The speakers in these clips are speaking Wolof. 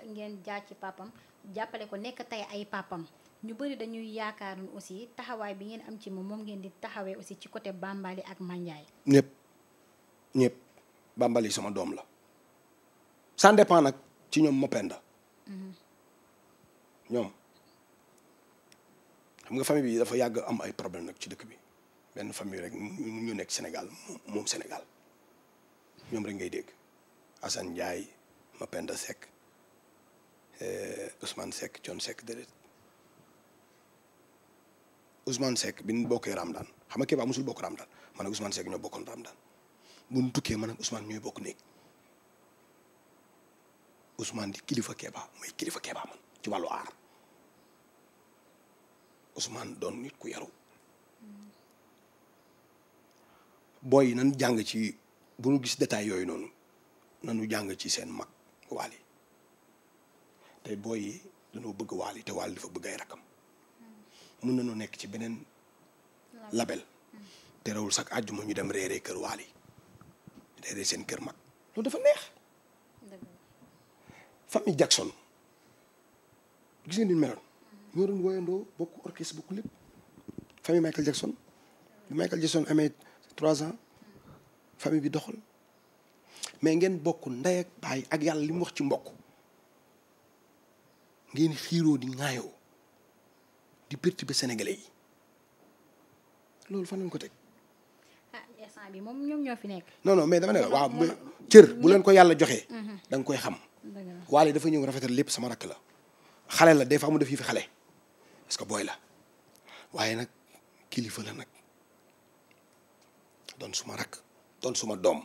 ngeen jaar ci pàppam jàppale ko nekk tey ay pàppam ñu bari dañuy yaakaar aussi taxawaay bi ngeen am ci moom moom ngeen di taxawee aussi ci côté Bambali ak Mandiaye. ñëpp ñépp Bambali sama doom la ça dépend nag ci ñoom Mapenda. Mm-hmm. ñoom xam nga famille bi dafa yàgg am ay problème nag ci dëkk bi benn famille rek ñu nekk Sénégal moom Sénégal ñoom rek ngay dégg Assane Ndiaye Mapenda Seck Eh, Ousmane Seck Thione Seck déedéet Ousmane Seck bi ñu bokkee Ramadan xam nga Kéba mosul bokk Ramadan man ak Ousmane Seck ñoo bokkoon Ramadan bu man ak Ousmane ñooy bokk néeg Ousmane di kilifa Kéba man ci wàllu aar Ousmane doon nit ku yaru booy nan jàng ci bu ñu gis détail yooyu noonu nanu jàng ci seen mag waali tey booy yi dañoo bëgg waali te waali dafa bëgg ay rakam mun nañu nekk ci beneen label hmm. te rawul sax àjjuma ñu dem reeree kër waali reeree seen kër mag loolu dafa neex famille Jackson gis nga meloon hmm. ñoo doon woyandoo bokk orchestre bokk lépp famille Michael Jackson bi Michael Jackson amee trois ans hmm. famille bi doxal mais ngeen bokk ndey ak baay ak yàlla li mu wax ci mbokk ngeen xiiroo di ŋaayoo di perturber sénégalais yi loolu fan lañ ko teg. ah mais dama ne waaw cër bu leen ko yàlla joxee. Mhm. da nga koy xam. waale dafa ñëw rafetal lépp sama rakk la. xale la des fois mu def yi fi xale parce booy la waaye nag kilifa la nag doon suma rakk doon suma doom.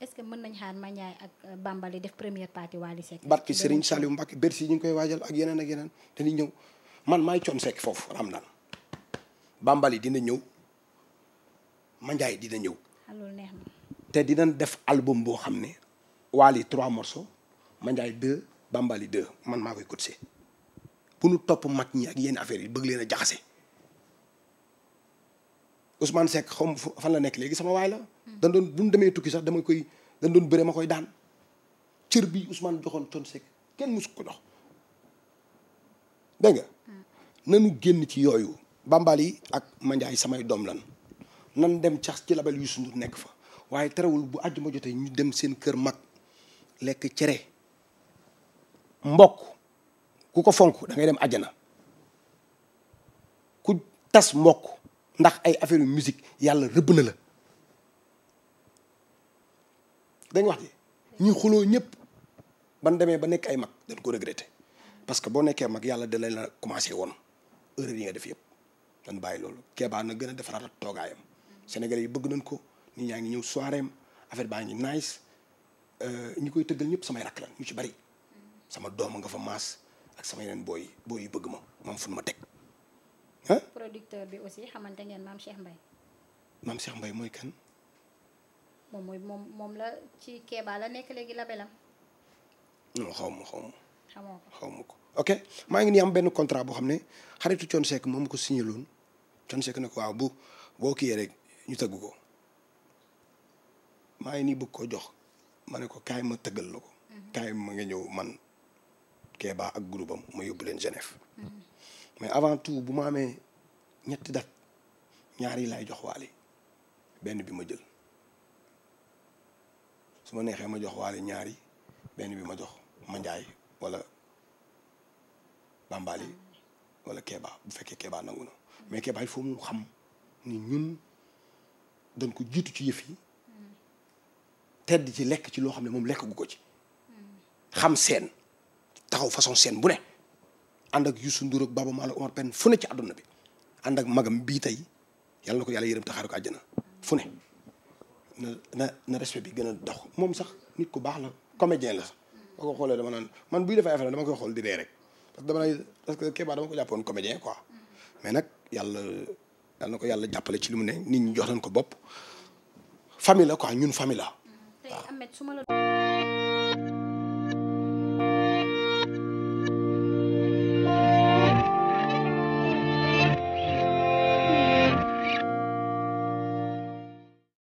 est-ce que mën nañ xaar Mandiaye ak euh, Bambaly def première partie Wally Seck barki Serigne Saliou Mbacké Bercy ñu ngi koy waajal ak yeneen ak yeneen te ni ñëw man maay Thione Seck foofu Ramadan Bambaly dina ñëw Mandiaye dina ñëw ah, loolu neex na te dinañ def album boo xam ne Wally trois morceaux Mandiaye deux Bambaly deux man maa koy cotisé bu nu topp mag ñi ak yenn affaire yi bëgg leen a jaxase Ousmane Seck xaw ma fan la nekk léegi sama waay la. dañ doon bu ñu demee tukki sax dama koy dañ doon bëre ma koy daan cër bi Ousmane joxoon Thione Seck kenn musu ko jox dégg na hmm. nanu génn ci yooyu. Bambali ak Mandiaye samay doom lan nan dem cax ci label Youssou Ndour nekk fa waaye terewul bu ma jotee ñu dem seen kër mag lekk cere mbokk ku ko fonk dangay dem àjjana ku tas mbokk. ndax ay affaire yu musique yàlla rëbb na la da nga wax ji ñuy xuloo ñëpp ban demee ba nekk ay mag dañ ko regretté parce que boo nekkee mag yàlla da la commencé woon erreur yi nga def yëpp dañ bàyyi loolu Keba na gën a defaraat toogaayam sénégalais yi bëgg nañ ko nit ñaa ngi ñëw soiréem affaire baa ngi nice euh, ñi koy tëggal ñëpp samay rakk lan ñu ci bari sama doom nga fa maas ak sama yeneen booy booy yu bëgg ma moom fu ma teg producteur bi aussi xamante ngeen maam Cheikh Mbaye. maam Cheikh Mbaye mooy kan. moom mooy moom moom la ci keebaa la nekk léegi labelam. non xaw ma xaw ma. ko xaw ma ko ok maa ngi nii am benn contrat boo xam ne xaritu Thione Seck moom ko signé loon Thione Seck ne ko waaw bu boo kiiyee rek ñu tëgg ko maa ngi nii bëgg ko jox ma ne ko kaay ma tëggal la ko. Mhm. kaay ma nga ñëw man Kéba ak groupe ma yóbbu leen Genève. Mhm. mais avant tout bu ma amee ñetti dat ñaar laay jox waale benn bi ma jël su ma neexee ma jox waale ñaar benn bi ma jox ma walla wala bambali wala keebaa bu fekkee keebaa nangu na mais keebaa il faut mu xam ni ñun dañ ko jiitu ci yëf yi tedd ci lekk ci loo xam ne moom lekk gu ko ci xam seen taxaw façon seen bu ne ànd ak Youssou Ndour ak Baaba Maal ak Omar fu ne ci àdduna bi ànd ak magam bii tey yàlla na ko yàlla yërëm taxaar ko àjjana fu ne na na na respect bi gën a dox moom sax nit ku baax la comédien la sax boo xoolee dama naan man buy defay affaire dama koy xool di dee rek parce que dama lay parce que Kéba dama ko jàppoon comédien quoi mais nag yàlla yàlla na ko yàlla jàppale ci li mu ne nit ñu jox nañ ko bopp famille la quoi ñun famille la